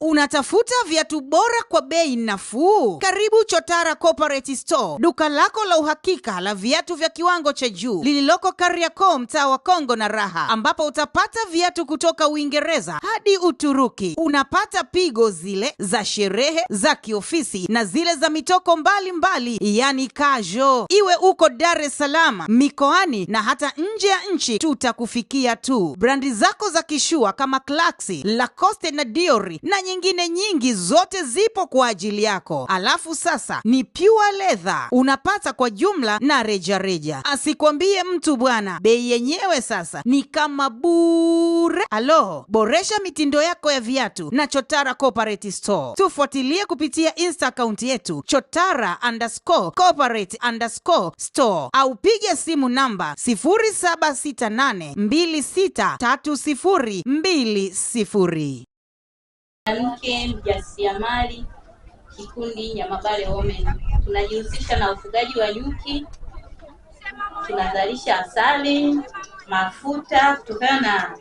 Unatafuta viatu bora kwa bei nafuu? Karibu Chotara Corporate Store, duka lako la uhakika la viatu vya kiwango cha juu lililoko Kariakoo, mtaa wa Kongo na Raha, ambapo utapata viatu kutoka Uingereza hadi Uturuki. Unapata pigo zile za sherehe, za kiofisi na zile za mitoko mbalimbali mbali, yani kajo. Iwe uko Dar es Salaam, mikoani na hata nje ya nchi, tutakufikia tu. Brandi zako za kishua kama Clarks, Lacoste na Diori na nyingine nyingi zote zipo kwa ajili yako. Alafu sasa ni pure leather unapata kwa jumla na rejareja, asikwambie mtu bwana. Bei yenyewe sasa ni kama bure. Alo, boresha mitindo yako ya viatu na Chotara Corporate Store. Tufuatilie kupitia insta akaunti yetu Chotara underscore corporate underscore store au piga simu namba 0768263020 mwanamke mjasiriamali kikundi Nyamabale Women. Tunajihusisha na ufugaji wa nyuki, tunazalisha asali, mafuta kutokana na,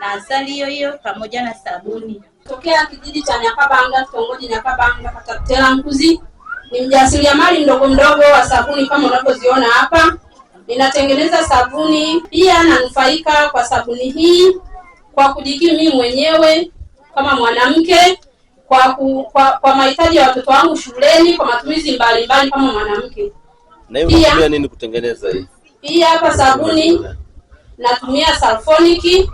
na asali hiyo hiyo pamoja na sabuni. Tokea kijiji cha Nyakabanga, kitongoji Nyakabanga, kata Tela Nguzi, Ni mjasiriamali ndogo ndogo wa sabuni kama unavyoziona hapa. Ninatengeneza sabuni, pia nanufaika kwa sabuni hii kwa kujikimu mimi mwenyewe kama mwanamke kwa ku, kwa, kwa mahitaji ya watoto wangu shuleni kwa matumizi mbalimbali kama mwanamke. Na hiyo unatumia nini kutengeneza hii? Pia hapa sabuni natumia sulfonic,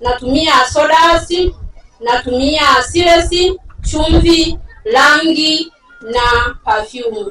natumia soda asi, natumia silesi, chumvi, rangi na perfume.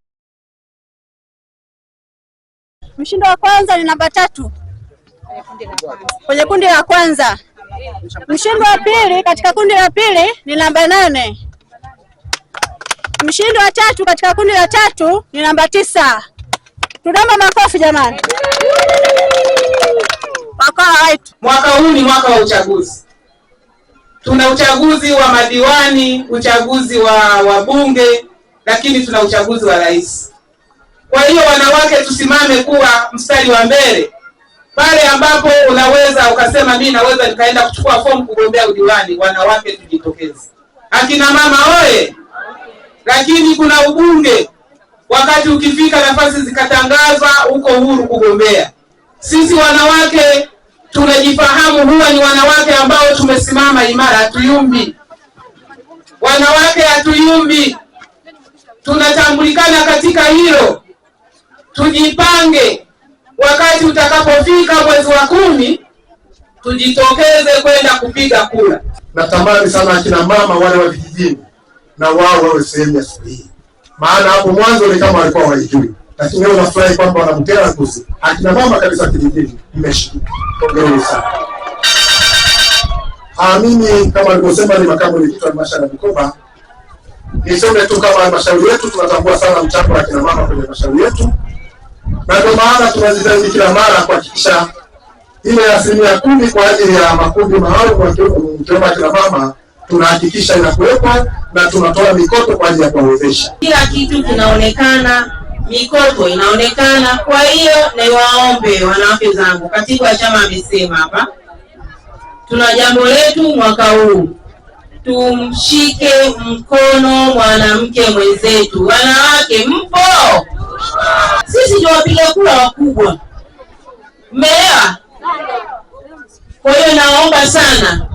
Mshindi wa kwanza ni namba tatu kwenye kundi la kwanza. Mshindi wa pili katika kundi la pili ni namba nane. Mshindi wa tatu katika kundi la tatu ni namba tisa. Tunaomba makofi jamani. Mwaka huu ni mwaka wa uchaguzi. Tuna uchaguzi wa madiwani, uchaguzi wa wabunge, lakini tuna uchaguzi wa rais. Kwa hiyo wanawake, tusimame kuwa mstari wa mbele pale ambapo unaweza ukasema mimi naweza nikaenda kuchukua fomu kugombea udiwani. Wanawake tujitokeze, akina mama oye! Lakini kuna ubunge, wakati ukifika nafasi zikatangazwa, uko huru kugombea. Sisi wanawake tunajifahamu, huwa ni wanawake ambao tumesimama imara, hatuyumbi. Wanawake hatuyumbi, tunatambulikana katika hilo tujipange, wakati utakapofika mwezi wa kumi tujitokeze kwenda kupiga kura. Natamani sana akina mama wale wa vijijini na wao wawe sehemu ya suluhu, maana hapo mwanzo ni kama walikuwa waijui, lakini leo nafurahi kwamba wanamtera kuzi akina mama kabisa kijijini. Mmeshiriki, hongereni sana. Mimi kama nilivyosema, ni makamu mwenyekiti wa halmashauri ya Bukoba. Niseme tu kama halmashauri yetu tunatambua sana mchango wa kina mama kwenye halmashauri yetu na ndio maana tunajitahidi kila mara kuhakikisha ile asilimia kumi kwa ajili ya makundi maalum wakiwemo kina mama tunahakikisha inakuwepo na tunatoa mikopo kwa ajili ya kuwawezesha. Kila kitu kinaonekana, mikopo inaonekana. Kwa hiyo niwaombe wanawake zangu, katibu wa chama amesema hapa, tuna jambo letu mwaka huu, tumshike mkono mwanamke mwenzetu. Wanawake mpo sisi ndio wapiga kura wakubwa, mmeelewa? Kwa hiyo naomba sana,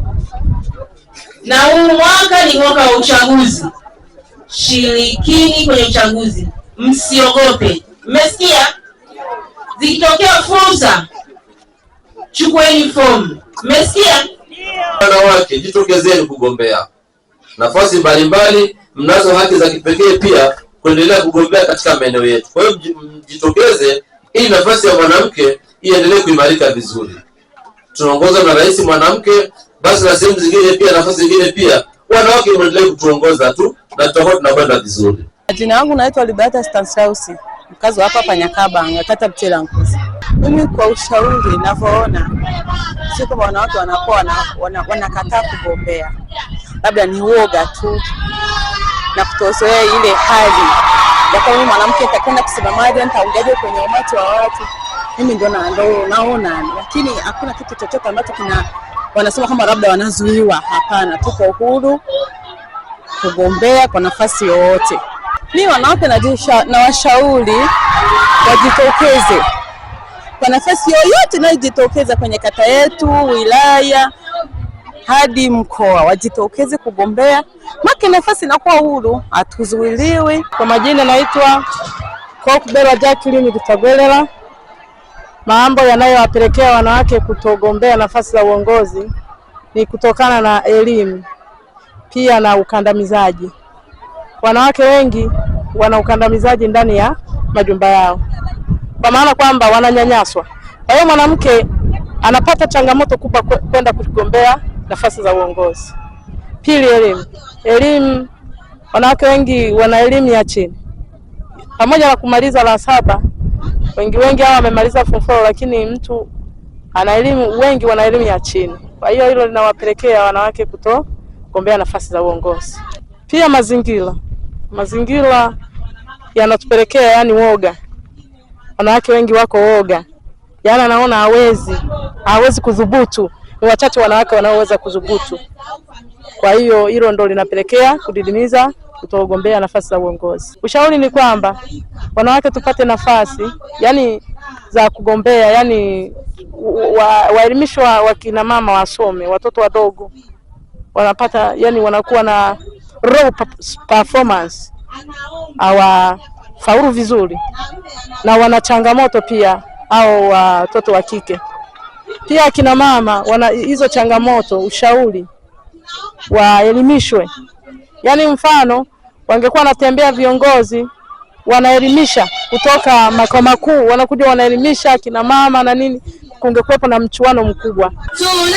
na huu mwaka ni mwaka wa uchaguzi, shirikini kwenye uchaguzi, msiogope. Mmesikia? Zikitokea fursa, chukueni fomu. Mmesikia? Wanawake, jitokezeni kugombea nafasi mbalimbali, mnazo haki za kipekee pia kuendelea kugombea katika maeneo yetu. Kwa hiyo mjitokeze, ili nafasi ya mwanamke iendelee kuimarika vizuri. Tunaongozwa na rais mwanamke, basi na sehemu zingine pia, nafasi zingine pia wanawake waendelee kutuongoza tu, na tutakuwa tunakwenda vizuri. Jina langu naitwa Liberata Stanislaus, mkazi hapa hapa Nyakabanga, mtela nguzi. Mimi kwa ushauri ninavyoona, sio kama wanawake wanakuwa wanakataa wana, wana kugombea, labda ni uoga tu na kutozoea ile hali ya kwamba mwanamke atakwenda maji, nitaongeaje kwenye umati wa watu, mimi ndio naona, lakini hakuna kitu chochote ambacho kina wanasema kama labda wanazuiwa. Hapana, tuko uhuru kugombea kwa nafasi yoyote. Mi wanawake na washauri wajitokeze kwa nafasi yoyote inayojitokeza kwenye kata yetu, wilaya hadi mkoa wajitokeze kugombea, maki nafasi inakuwa huru, hatuzuiliwi. Kwa majina naitwa Kokbela Jacqueline vitagwelela Mambo yanayowapelekea wanawake kutogombea nafasi za uongozi ni kutokana na elimu pia na ukandamizaji. Wanawake wengi wana ukandamizaji ndani ya majumba yao, kwa maana kwamba wananyanyaswa. Kwa hiyo mwanamke anapata changamoto kubwa kwenda kugombea nafasi za uongozi. Pili, elimu. Elimu, wanawake wengi wana elimu ya chini, pamoja na kumaliza la saba, wengi wengi hawa wamemaliza form four, lakini mtu ana elimu, wengi wana elimu ya chini. Kwa hiyo hilo linawapelekea wanawake kuto nafasi za uongozi. Pia mazingira, mazingira yanatupelekea yani woga. Wanawake wengi wako woga, yani anaona hawezi hawezi kudhubutu ni wachache wanawake wanaoweza kudhubutu. Kwa hiyo hilo ndo linapelekea kudidimiza kutogombea nafasi za uongozi. Ushauri ni kwamba wanawake tupate nafasi yani za kugombea, yani waelimishwa wa, wakina mama wasome, watoto wadogo wanapata yani wanakuwa na raw performance awa faulu vizuri, na wana changamoto pia au watoto wa kike. Pia akina mama wana hizo changamoto, ushauri waelimishwe. Yaani mfano wangekuwa wanatembea viongozi wanaelimisha kutoka makao makuu, wanakuja wanaelimisha akina mama na nini, kungekuwepo na mchuano mkubwa Tuna